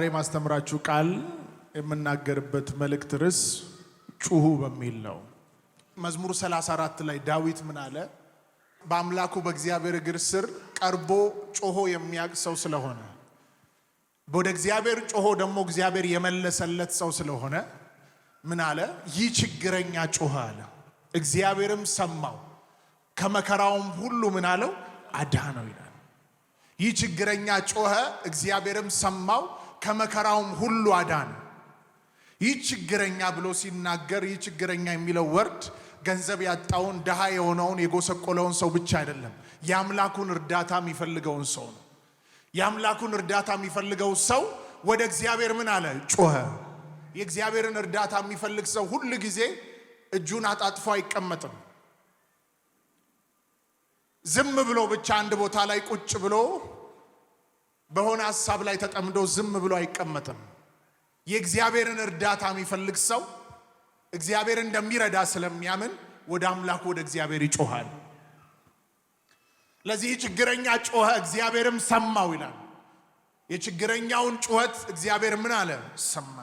ዛሬ ማስተምራችሁ ቃል የምናገርበት መልእክት ርዕስ ጩሁ በሚል ነው። መዝሙር 34 ላይ ዳዊት ምን አለ? በአምላኩ በእግዚአብሔር እግር ስር ቀርቦ ጮሆ የሚያውቅ ሰው ስለሆነ ወደ እግዚአብሔር ጮሆ ደግሞ እግዚአብሔር የመለሰለት ሰው ስለሆነ ምን አለ? ይህ ችግረኛ ጮኸ አለ፣ እግዚአብሔርም ሰማው፣ ከመከራውም ሁሉ ምን አለው አዳነው ይላል። ይህ ችግረኛ ጮኸ፣ እግዚአብሔርም ሰማው ከመከራውም ሁሉ አዳን። ይህ ችግረኛ ብሎ ሲናገር ይህ ችግረኛ የሚለው ወርድ ገንዘብ ያጣውን ድሃ የሆነውን የጎሰቆለውን ሰው ብቻ አይደለም፣ የአምላኩን እርዳታ የሚፈልገውን ሰው ነው። የአምላኩን እርዳታ የሚፈልገው ሰው ወደ እግዚአብሔር ምን አለ? ጮኸ። የእግዚአብሔርን እርዳታ የሚፈልግ ሰው ሁል ጊዜ እጁን አጣጥፎ አይቀመጥም። ዝም ብሎ ብቻ አንድ ቦታ ላይ ቁጭ ብሎ በሆነ ሀሳብ ላይ ተጠምዶ ዝም ብሎ አይቀመጥም። የእግዚአብሔርን እርዳታ የሚፈልግ ሰው እግዚአብሔር እንደሚረዳ ስለሚያምን ወደ አምላኩ ወደ እግዚአብሔር ይጮሃል። ለዚህ ችግረኛ ጮኸ፣ እግዚአብሔርም ሰማው ይላል። የችግረኛውን ጩኸት እግዚአብሔር ምን አለ? ሰማ።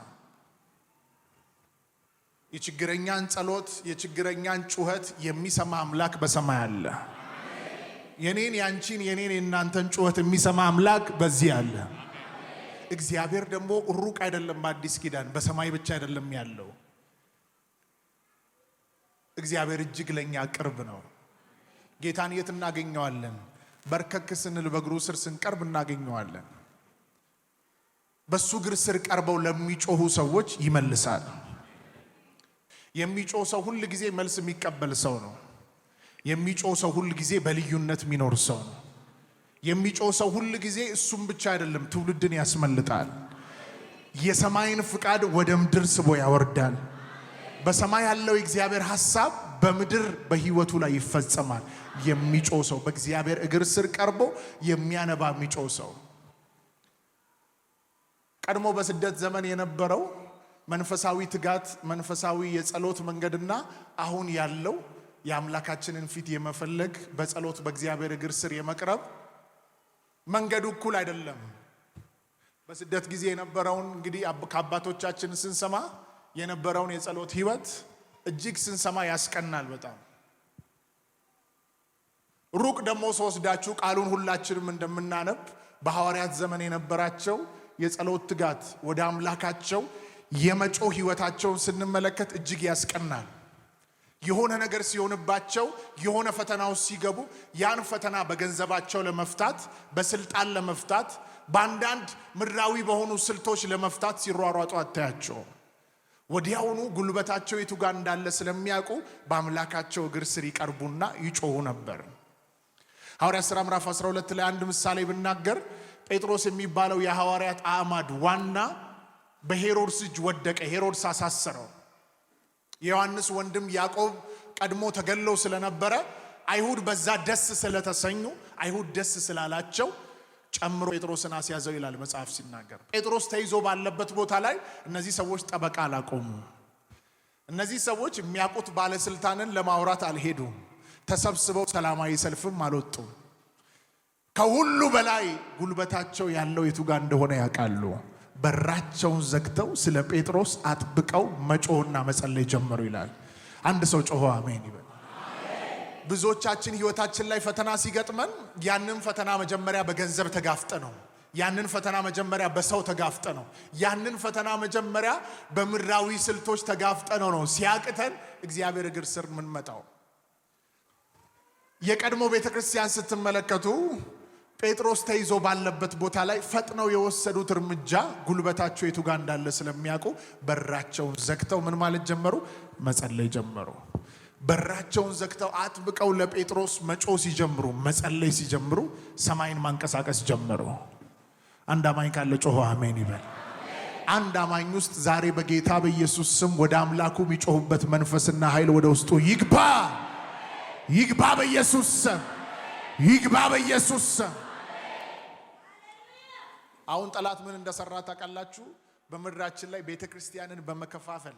የችግረኛን ጸሎት፣ የችግረኛን ጩኸት የሚሰማ አምላክ በሰማይ አለ። የኔን ያንቺን የኔን የእናንተን ጩኸት የሚሰማ አምላክ በዚህ አለ። እግዚአብሔር ደግሞ ሩቅ አይደለም። በአዲስ ኪዳን በሰማይ ብቻ አይደለም ያለው እግዚአብሔር እጅግ ለእኛ ቅርብ ነው። ጌታን የት እናገኘዋለን? በርከክ ስንል በእግሩ ስር ስንቀርብ እናገኘዋለን። በሱ እግር ስር ቀርበው ለሚጮኹ ሰዎች ይመልሳል። የሚጮህ ሰው ሁል ጊዜ መልስ የሚቀበል ሰው ነው። የሚጮ ሰው ሁል ጊዜ በልዩነት የሚኖር ሰው ነው። የሚጮ ሰው ሁል ጊዜ እሱም ብቻ አይደለም፣ ትውልድን ያስመልጣል። የሰማይን ፍቃድ ወደ ምድር ስቦ ያወርዳል። በሰማይ ያለው የእግዚአብሔር ሐሳብ በምድር በህይወቱ ላይ ይፈጸማል። የሚጮ ሰው በእግዚአብሔር እግር ስር ቀርቦ የሚያነባ የሚጮ ሰው ቀድሞ በስደት ዘመን የነበረው መንፈሳዊ ትጋት መንፈሳዊ የጸሎት መንገድና አሁን ያለው የአምላካችንን ፊት የመፈለግ በጸሎት በእግዚአብሔር እግር ስር የመቅረብ መንገዱ እኩል አይደለም። በስደት ጊዜ የነበረውን እንግዲህ ከአባቶቻችን ስንሰማ የነበረውን የጸሎት ህይወት እጅግ ስንሰማ ያስቀናል። በጣም ሩቅ ደግሞ ስወስዳችሁ ቃሉን ሁላችንም እንደምናነብ በሐዋርያት ዘመን የነበራቸው የጸሎት ትጋት ወደ አምላካቸው የመጮ ህይወታቸውን ስንመለከት እጅግ ያስቀናል። የሆነ ነገር ሲሆንባቸው የሆነ ፈተና ውስጥ ሲገቡ ያን ፈተና በገንዘባቸው ለመፍታት በስልጣን ለመፍታት በአንዳንድ ምድራዊ በሆኑ ስልቶች ለመፍታት ሲሯሯጡ አታያቸው። ወዲያውኑ ጉልበታቸው የቱ ጋር እንዳለ ስለሚያውቁ በአምላካቸው እግር ስር ይቀርቡና ይጮሁ ነበር። ሐዋርያ ሥራ ምዕራፍ 12 ላይ አንድ ምሳሌ ብናገር ጴጥሮስ የሚባለው የሐዋርያት አዕማድ ዋና በሄሮድስ እጅ ወደቀ። ሄሮድስ አሳሰረው። የዮሐንስ ወንድም ያዕቆብ ቀድሞ ተገሎ ስለነበረ አይሁድ በዛ ደስ ስለተሰኙ አይሁድ ደስ ስላላቸው ጨምሮ ጴጥሮስን አስያዘው ይላል መጽሐፍ ሲናገር። ጴጥሮስ ተይዞ ባለበት ቦታ ላይ እነዚህ ሰዎች ጠበቃ አላቆሙ። እነዚህ ሰዎች የሚያውቁት ባለስልጣንን ለማውራት አልሄዱም። ተሰብስበው ሰላማዊ ሰልፍም አልወጡም። ከሁሉ በላይ ጉልበታቸው ያለው የቱ ጋር እንደሆነ ያውቃሉ። በራቸውን ዘግተው ስለ ጴጥሮስ አጥብቀው መጮህና መጸለይ ጀመሩ ይላል። አንድ ሰው ጮሆ አሜን ይበል። ብዙዎቻችን ህይወታችን ላይ ፈተና ሲገጥመን ያንን ፈተና መጀመሪያ በገንዘብ ተጋፍጠ ነው። ያንን ፈተና መጀመሪያ በሰው ተጋፍጠ ነው። ያንን ፈተና መጀመሪያ በምድራዊ ስልቶች ተጋፍጠ ነው ነው ሲያቅተን እግዚአብሔር እግር ስር ምንመጣው የቀድሞ ቤተ ክርስቲያን ስትመለከቱ ጴጥሮስ ተይዞ ባለበት ቦታ ላይ ፈጥነው የወሰዱት እርምጃ ጉልበታቸው የቱ ጋር እንዳለ ስለሚያውቁ በራቸውን ዘግተው ምን ማለት ጀመሩ? መጸለይ ጀመሩ። በራቸውን ዘግተው አጥብቀው ለጴጥሮስ መጮ ሲጀምሩ፣ መጸለይ ሲጀምሩ ሰማይን ማንቀሳቀስ ጀመሩ። አንድ አማኝ ካለ ጮሆ አሜን ይበል። አንድ አማኝ ውስጥ ዛሬ በጌታ በኢየሱስ ስም ወደ አምላኩ የሚጮሁበት መንፈስና ኃይል ወደ ውስጡ ይግባ፣ ይግባ በኢየሱስ ስም፣ ይግባ በኢየሱስ ስም አሁን ጠላት ምን እንደሰራ ታውቃላችሁ? በምድራችን ላይ ቤተ ክርስቲያንን በመከፋፈል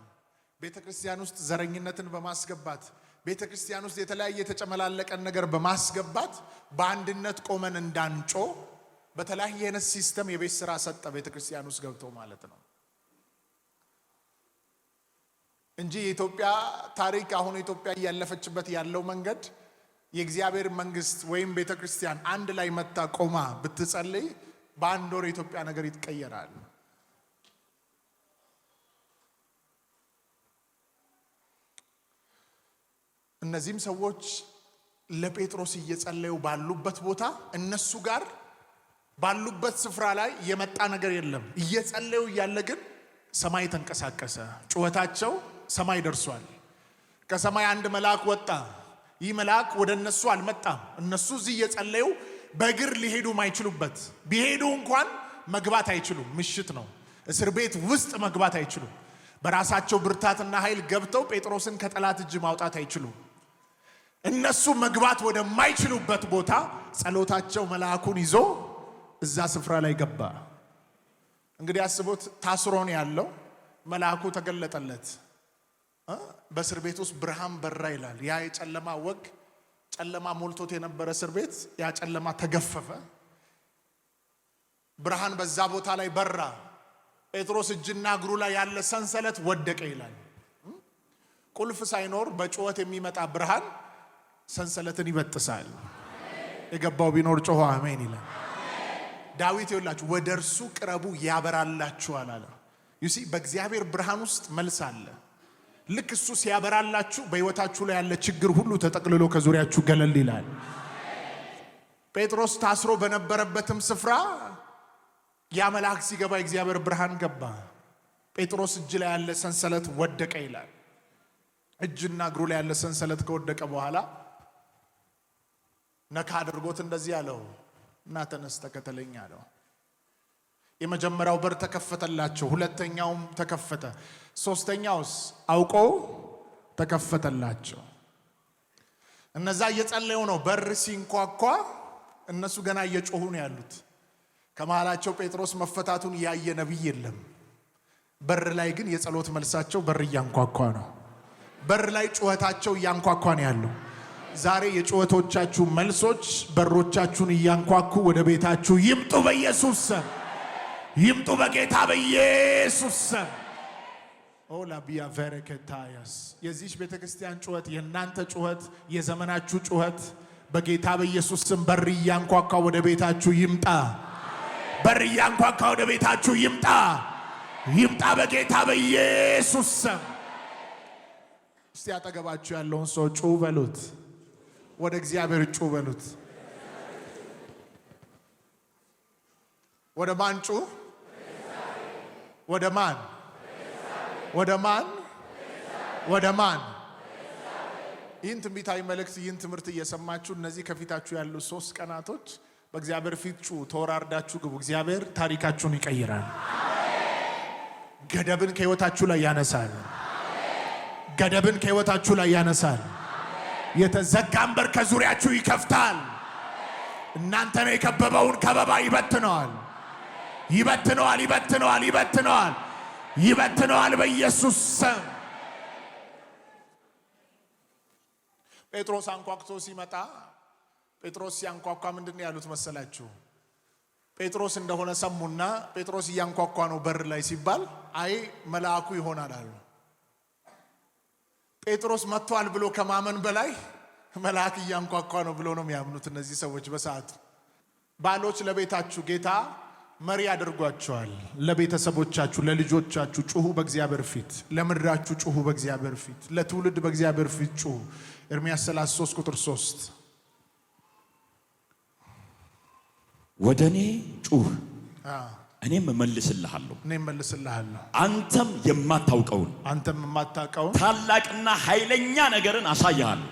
ቤተ ክርስቲያን ውስጥ ዘረኝነትን በማስገባት ቤተ ክርስቲያን ውስጥ የተለያየ የተጨመላለቀን ነገር በማስገባት በአንድነት ቆመን እንዳንጮ በተለያየ አይነት ሲስተም የቤት ስራ ሰጠ ቤተ ክርስቲያን ውስጥ ገብቶ ማለት ነው እንጂ የኢትዮጵያ ታሪክ አሁን ኢትዮጵያ እያለፈችበት ያለው መንገድ የእግዚአብሔር መንግስት ወይም ቤተ ክርስቲያን አንድ ላይ መታ ቆማ ብትጸልይ በአንድ ወር የኢትዮጵያ ነገር ይቀየራል። እነዚህም ሰዎች ለጴጥሮስ እየጸለዩ ባሉበት ቦታ እነሱ ጋር ባሉበት ስፍራ ላይ የመጣ ነገር የለም። እየጸለዩ እያለ ግን ሰማይ ተንቀሳቀሰ። ጩኸታቸው ሰማይ ደርሷል። ከሰማይ አንድ መልአክ ወጣ። ይህ መልአክ ወደ እነሱ አልመጣም። እነሱ እዚህ እየጸለዩ በእግር ሊሄዱ ማይችሉበት ቢሄዱ እንኳን መግባት አይችሉም። ምሽት ነው። እስር ቤት ውስጥ መግባት አይችሉም። በራሳቸው ብርታትና ኃይል ገብተው ጴጥሮስን ከጠላት እጅ ማውጣት አይችሉም። እነሱ መግባት ወደማይችሉበት ቦታ ጸሎታቸው መልአኩን ይዞ እዛ ስፍራ ላይ ገባ። እንግዲህ አስቦት ታስሮን ያለው መልአኩ ተገለጠለት። በእስር ቤት ውስጥ ብርሃን በራ ይላል። ያ የጨለማ ወግ ጨለማ ሞልቶት የነበረ እስር ቤት ያ ጨለማ ተገፈፈ። ብርሃን በዛ ቦታ ላይ በራ። ጴጥሮስ እጅና እግሩ ላይ ያለ ሰንሰለት ወደቀ ይላል። ቁልፍ ሳይኖር በጩኸት የሚመጣ ብርሃን ሰንሰለትን ይበጥሳል። የገባው ቢኖር ጮኸ አሜን ይላል። ዳዊት ይላችሁ ወደ እርሱ ቅረቡ ያበራላችኋል አለ። ዩሲ በእግዚአብሔር ብርሃን ውስጥ መልስ አለ። ልክ እሱ ሲያበራላችሁ በሕይወታችሁ ላይ ያለ ችግር ሁሉ ተጠቅልሎ ከዙሪያችሁ ገለል ይላል። ጴጥሮስ ታስሮ በነበረበትም ስፍራ ያ መልአክ ሲገባ የእግዚአብሔር ብርሃን ገባ። ጴጥሮስ እጅ ላይ ያለ ሰንሰለት ወደቀ ይላል። እጅና እግሩ ላይ ያለ ሰንሰለት ከወደቀ በኋላ ነካ አድርጎት እንደዚህ አለው እና ተነስ ተከተለኝ አለው። የመጀመሪያው በር ተከፈተላቸው፣ ሁለተኛውም ተከፈተ፣ ሶስተኛውስ አውቆ ተከፈተላቸው። እነዛ እየጸለዩ ነው። በር ሲንኳኳ እነሱ ገና እየጮሁ ነው ያሉት። ከመሃላቸው ጴጥሮስ መፈታቱን ያየ ነቢይ የለም። በር ላይ ግን የጸሎት መልሳቸው በር እያንኳኳ ነው። በር ላይ ጩኸታቸው እያንኳኳ ነው ያለው። ዛሬ የጩኸቶቻችሁ መልሶች በሮቻችሁን እያንኳኩ ወደ ቤታችሁ ይምጡ በኢየሱስ ስም። ይምጡ በጌታ በኢየሱስ ስም። ኦላ ቢያ ቨረከታያስ የዚህች ቤተ ክርስቲያን ጩኸት፣ የእናንተ ጩኸት፣ የዘመናችሁ ጩኸት በጌታ በኢየሱስ ስም በር እያንኳኳ ወደ ቤታችሁ ይምጣ። በር እያንኳኳ ወደ ቤታችሁ ይምጣ፣ ይምጣ በጌታ በኢየሱስ ስም። እስቲ አጠገባችሁ ያለውን ሰው ጩ በሉት፣ ወደ እግዚአብሔር ጩ በሉት። ወደ ማን ጩ ወደ ማን ወደ ማን ወደ ማን? ይህን ትንቢታዊ መልእክት ይህን ትምህርት እየሰማችሁ እነዚህ ከፊታችሁ ያሉ ሶስት ቀናቶች በእግዚአብሔር ፊት ጩ ተወራርዳችሁ ግቡ። እግዚአብሔር ታሪካችሁን ይቀይራል። ገደብን ከህይወታችሁ ላይ ያነሳል። ገደብን ከህይወታችሁ ላይ ያነሳል። የተዘጋን በር ከዙሪያችሁ ይከፍታል። እናንተን የከበበውን ከበባ ይበትነዋል። ይበትነዋል፣ ይበትነዋል፣ ይበትነዋል፣ ይበትነዋል በኢየሱስ ስም። ጴጥሮስ አንኳኩቶ ሲመጣ ጴጥሮስ ሲያንኳኳ ምንድን ነው ያሉት መሰላችሁ? ጴጥሮስ እንደሆነ ሰሙና ጴጥሮስ እያንኳኳ ነው በር ላይ ሲባል አይ መልአኩ ይሆናል አሉ። ጴጥሮስ መጥቷል ብሎ ከማመን በላይ መልአክ እያንኳኳ ነው ብሎ ነው የሚያምኑት እነዚህ ሰዎች በሰዓቱ ባሎች ለቤታችሁ ጌታ መሪ አድርጓቸዋል። ለቤተሰቦቻችሁ፣ ለልጆቻችሁ ጩሁ በእግዚአብሔር ፊት፣ ለምድራችሁ ጩሁ በእግዚአብሔር ፊት፣ ለትውልድ በእግዚአብሔር ፊት ጩሁ። ኤርምያስ 33 ቁጥር 3 ወደ እኔ ጩህ እኔም እመልስልሃለሁ እኔም እመልስልሃለሁ አንተም የማታውቀውን አንተም የማታውቀውን ታላቅና ኃይለኛ ነገርን አሳይሃለሁ።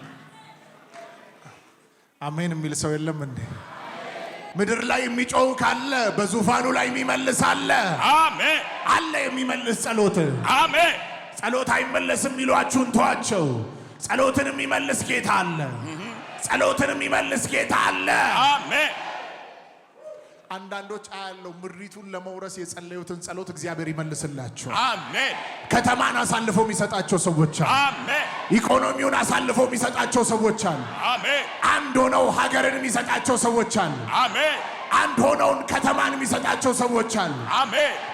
አሜን የሚል ሰው የለም እንዴ? ምድር ላይ የሚጮው ካለ በዙፋኑ ላይ የሚመልስ አለ። አሜን አለ። የሚመልስ ጸሎት አሜን። ጸሎት አይመለስም የሚሏችሁን ተዋቸው። ጸሎትን የሚመልስ ጌታ አለ። ጸሎትን የሚመልስ ጌታ አለ። አሜን። አንዳንዶች አያለው ምሪቱን ለመውረስ የጸለዩትን ጸሎት እግዚአብሔር ይመልስላቸው። አሜን። ከተማን አሳልፈው የሚሰጣቸው ሰዎች አሜን። ኢኮኖሚውን አሳልፈው የሚሰጣቸው ሰዎች አሉ። አንድ ሆነው ሀገርን የሚሰጣቸው ሰዎች አሉ። አንድ ሆነውን ከተማን የሚሰጣቸው ሰዎች አሉ።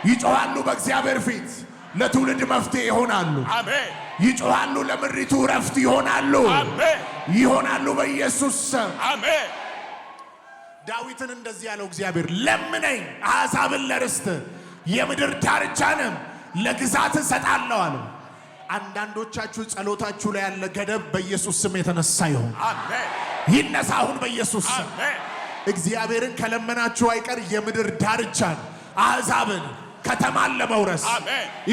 ይጮኻሉ፣ በእግዚአብሔር ፊት ለትውልድ መፍትሄ ይሆናሉ። ይጮኻሉ፣ ለምሪቱ ረፍት ይሆናሉ ይሆናሉ በኢየሱስ ስም። ዳዊትን እንደዚህ ያለው እግዚአብሔር ለምነኝ፣ አሕዛብን ለርስት የምድር ዳርቻንም ለግዛት እሰጣለሁ አለው። አንዳንዶቻችሁ ጸሎታችሁ ላይ ያለ ገደብ በኢየሱስ ስም የተነሳ ይሁን፣ ይነሳ አሁን በኢየሱስ ስም። እግዚአብሔርን ከለመናችሁ አይቀር የምድር ዳርቻን፣ አሕዛብን፣ ከተማን ለመውረስ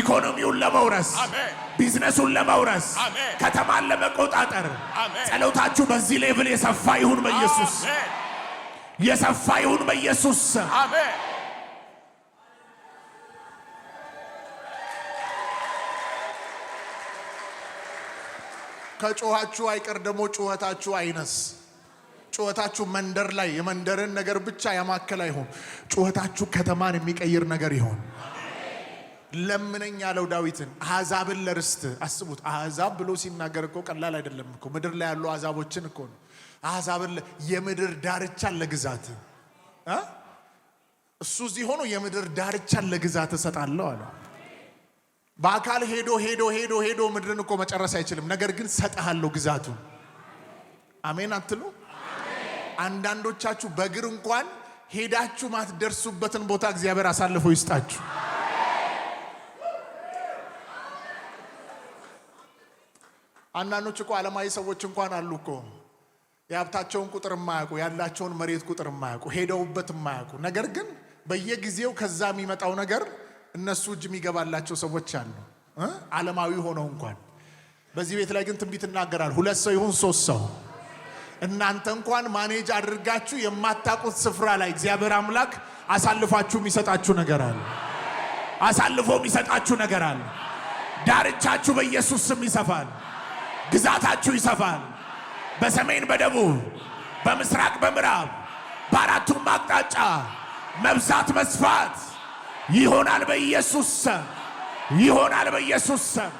ኢኮኖሚውን ለመውረስ ቢዝነሱን ለመውረስ ከተማን ለመቆጣጠር ጸሎታችሁ በዚህ ሌቭል የሰፋ ይሁን በኢየሱስ የሰፋ ይሁን በኢየሱስ ስም። ከጮኋችሁ አይቀር ደግሞ ጩኸታችሁ አይነስ። ጩኸታችሁ መንደር ላይ የመንደርን ነገር ብቻ ያማከል አይሆን። ጩኸታችሁ ከተማን የሚቀይር ነገር ይሆን። ለምነኝ ያለው ዳዊትን አሕዛብን ለርስት አስቡት። አሕዛብ ብሎ ሲናገር እኮ ቀላል አይደለም እኮ ምድር ላይ ያሉ አሕዛቦችን እኮ ነው። አሕዛብን የምድር ዳርቻ ለግዛት እሱ እዚህ ሆኖ የምድር ዳርቻ ለግዛት እሰጣለሁ አለ። በአካል ሄዶ ሄዶ ሄዶ ሄዶ ምድርን እኮ መጨረስ አይችልም። ነገር ግን ሰጠሃለሁ ግዛቱን። አሜን አትሉ? አንዳንዶቻችሁ በእግር እንኳን ሄዳችሁ ማትደርሱበትን ቦታ እግዚአብሔር አሳልፎ ይስጣችሁ። አንዳንዶች እኮ ዓለማዊ ሰዎች እንኳን አሉ እኮ የሀብታቸውን ቁጥር የማያውቁ ያላቸውን መሬት ቁጥር የማያውቁ ሄደውበት የማያውቁ ነገር ግን በየጊዜው ከዛ የሚመጣው ነገር እነሱ እጅ የሚገባላቸው ሰዎች አሉ፣ ዓለማዊ ሆነው እንኳን። በዚህ ቤት ላይ ግን ትንቢት እናገራል። ሁለት ሰው ይሁን ሶስት ሰው እናንተ እንኳን ማኔጅ አድርጋችሁ የማታውቁት ስፍራ ላይ እግዚአብሔር አምላክ አሳልፋችሁ የሚሰጣችሁ ነገር አለ። አሳልፎ የሚሰጣችሁ ነገር አለ። ዳርቻችሁ በኢየሱስ ስም ይሰፋል። ግዛታችሁ ይሰፋል። በሰሜን፣ በደቡብ፣ በምስራቅ፣ በምዕራብ በአራቱም አቅጣጫ መብዛት መስፋት ይሆናል በኢየሱስ ስም ይሆናል በኢየሱስ ስም።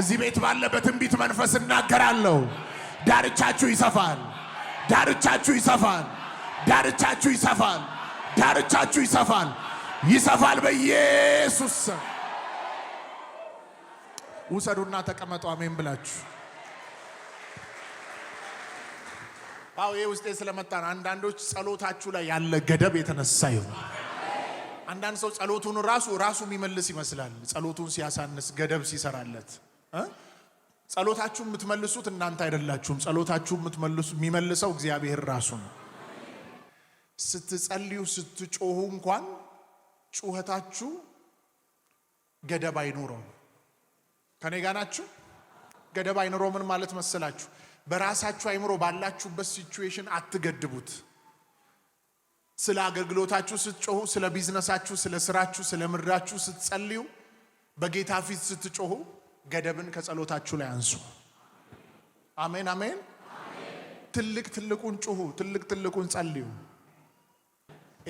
እዚህ ቤት ባለ በትንቢት መንፈስ እናገራለሁ። ዳርቻችሁ ይሰፋል፣ ዳርቻችሁ ይሰፋል፣ ዳርቻችሁ ይሰፋል፣ ዳርቻችሁ ይሰፋል፣ ይሰፋል በኢየሱስ ስም። ውሰዱና ተቀመጡ። አሜን ብላችሁ አው ይህ ውስጤ ስለመጣ ነው። አንዳንዶች ጸሎታችሁ ላይ ያለ ገደብ የተነሳ ይሆናል አንዳንድ ሰው ጸሎቱን ራሱ ራሱ የሚመልስ ይመስላል። ጸሎቱን ሲያሳንስ ገደብ ሲሰራለት ጸሎታችሁ የምትመልሱት እናንተ አይደላችሁም። ጸሎታችሁ የምትመልሱ የሚመልሰው እግዚአብሔር ራሱ ነው። ስትጸልዩ ስትጮሁ እንኳን ጩኸታችሁ ገደብ አይኖረው። ከኔ ጋ ናችሁ? ገደብ አይኖረው ምን ማለት መሰላችሁ? በራሳችሁ አይምሮ ባላችሁበት ሲቹዌሽን አትገድቡት። ስለ አገልግሎታችሁ ስትጮሁ፣ ስለ ቢዝነሳችሁ፣ ስለ ስራችሁ፣ ስለ ምድራችሁ ስትጸልዩ፣ በጌታ ፊት ስትጮሁ ገደብን ከጸሎታችሁ ላይ አንሱ። አሜን አሜን። ትልቅ ትልቁን ጩሁ፣ ትልቅ ትልቁን ጸልዩ።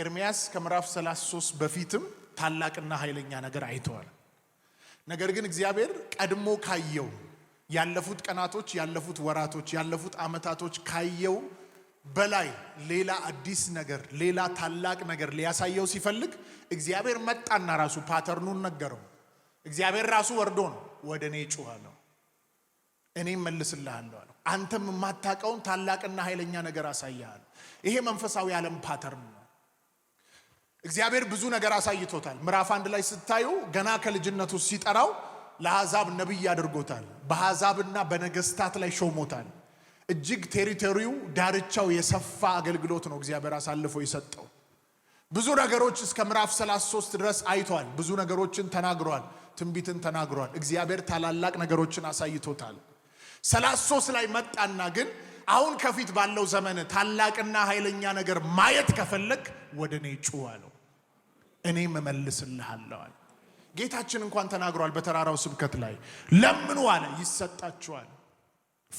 ኤርሚያስ ከምዕራፍ 33 በፊትም ታላቅና ኃይለኛ ነገር አይተዋል። ነገር ግን እግዚአብሔር ቀድሞ ካየው ያለፉት ቀናቶች፣ ያለፉት ወራቶች፣ ያለፉት ዓመታቶች ካየው በላይ ሌላ አዲስ ነገር ሌላ ታላቅ ነገር ሊያሳየው ሲፈልግ እግዚአብሔር መጣና ራሱ ፓተርኑን ነገረው። እግዚአብሔር ራሱ ወርዶ ነው ወደ እኔ ጩኸ ነው እኔም መልስልሃለሁ አለው። አንተም የማታውቀውን ታላቅና ኃይለኛ ነገር አሳይሃለሁ። ይሄ መንፈሳዊ ዓለም ፓተርን ነው። እግዚአብሔር ብዙ ነገር አሳይቶታል። ምዕራፍ አንድ ላይ ስታዩ ገና ከልጅነቱ ሲጠራው ለአሕዛብ ነቢይ አድርጎታል። በአሕዛብና በነገስታት ላይ ሾሞታል። እጅግ ቴሪቶሪው ዳርቻው የሰፋ አገልግሎት ነው እግዚአብሔር አሳልፎ የሰጠው። ብዙ ነገሮች እስከ ምዕራፍ 33 ድረስ አይቷል። ብዙ ነገሮችን ተናግሯል። ትንቢትን ተናግሯል። እግዚአብሔር ታላላቅ ነገሮችን አሳይቶታል። 33 ላይ መጣና ግን አሁን ከፊት ባለው ዘመን ታላቅና ኃይለኛ ነገር ማየት ከፈለግ ወደ እኔ ጩህ አለው፣ እኔም ጌታችን እንኳን ተናግሯል። በተራራው ስብከት ላይ ለምኑ አለ፣ ይሰጣችኋል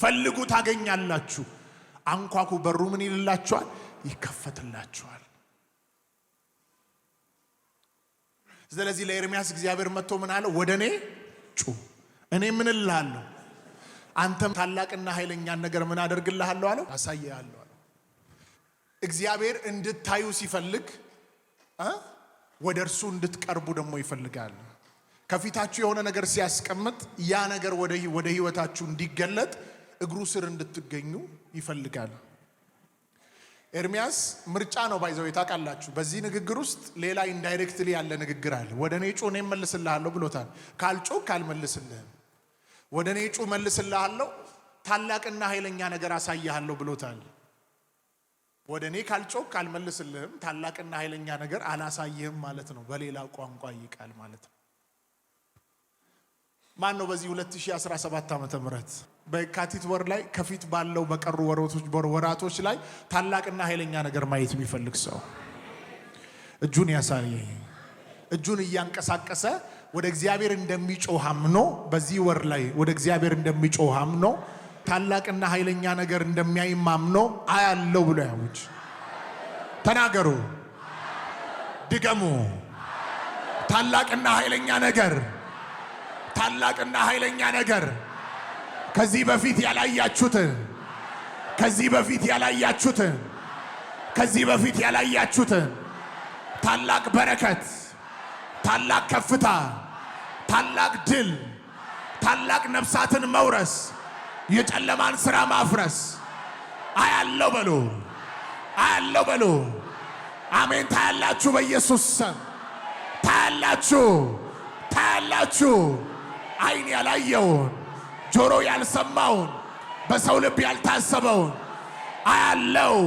ፈልጉ ታገኛላችሁ፣ አንኳኩ በሩ ምን ይልላችኋል? ይከፈትላችኋል። ስለዚህ ለኤርሚያስ እግዚአብሔር መጥቶ ምን አለ? ወደ እኔ ጩ እኔ ምን እልሃለሁ? አንተም ታላቅና ኃይለኛን ነገር ምን አደርግልሃለሁ አለው፣ አሳይሃለሁ አለው። እግዚአብሔር እንድታዩ ሲፈልግ ወደ እርሱ እንድትቀርቡ ደግሞ ይፈልጋል። ከፊታችሁ የሆነ ነገር ሲያስቀምጥ ያ ነገር ወደ ህይወታችሁ እንዲገለጥ እግሩ ስር እንድትገኙ ይፈልጋል። ኤርሚያስ ምርጫ ነው ባይዘው ታውቃላችሁ። በዚህ ንግግር ውስጥ ሌላ ኢንዳይሬክትሊ ያለ ንግግር አለ። ወደ እኔ ጩ እኔም መልስልሃለሁ ብሎታል። ካልጮክ ካልመልስልህም ወደ እኔ ጩ መልስልሃለሁ፣ ታላቅና ኃይለኛ ነገር አሳይሃለሁ ብሎታል። ወደ እኔ ካልጮክ ካልመልስልህም፣ ታላቅና ኃይለኛ ነገር አላሳይህም ማለት ነው። በሌላ ቋንቋ ይቃል ማለት ነው። ማን ነው በዚህ 2017 ዓ ም በየካቲት ወር ላይ ከፊት ባለው በቀሩ ወራቶች ላይ ታላቅና ኃይለኛ ነገር ማየት የሚፈልግ ሰው እጁን ያሳየ። እጁን እያንቀሳቀሰ ወደ እግዚአብሔር እንደሚጮህ አምኖ በዚህ ወር ላይ ወደ እግዚአብሔር እንደሚጮህ አምኖ ታላቅና ኃይለኛ ነገር እንደሚያይም አምኖ አያለው ብሎ ያውጅ። ተናገሩ፣ ድገሙ። ታላቅና ኃይለኛ ነገር፣ ታላቅና ኃይለኛ ነገር ከዚህ በፊት ያላያችሁትን ከዚህ በፊት ያላያችሁትን ከዚህ በፊት ያላያችሁትን ታላቅ በረከት፣ ታላቅ ከፍታ፣ ታላቅ ድል፣ ታላቅ ነፍሳትን መውረስ፣ የጨለማን ሥራ ማፍረስ አያለው በሉ፣ አያለው በሉ። አሜን። ታያላችሁ፣ በኢየሱስ ስም ታያላችሁ፣ ታያላችሁ። አይን ያላየውን ጆሮ ያልሰማውን በሰው ልብ ያልታሰበውን አያለው።